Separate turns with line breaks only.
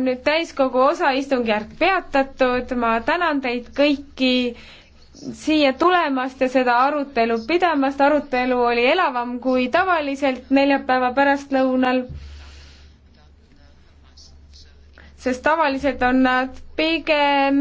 on nüüd täiskogu osaistungjärk peatatud, ma tänan teid kõiki siia tulemast ja seda arutelu pidamast, arutelu oli elavam kui tavaliselt neljapäeva pärastlõunal,
sest tavaliselt on nad pigem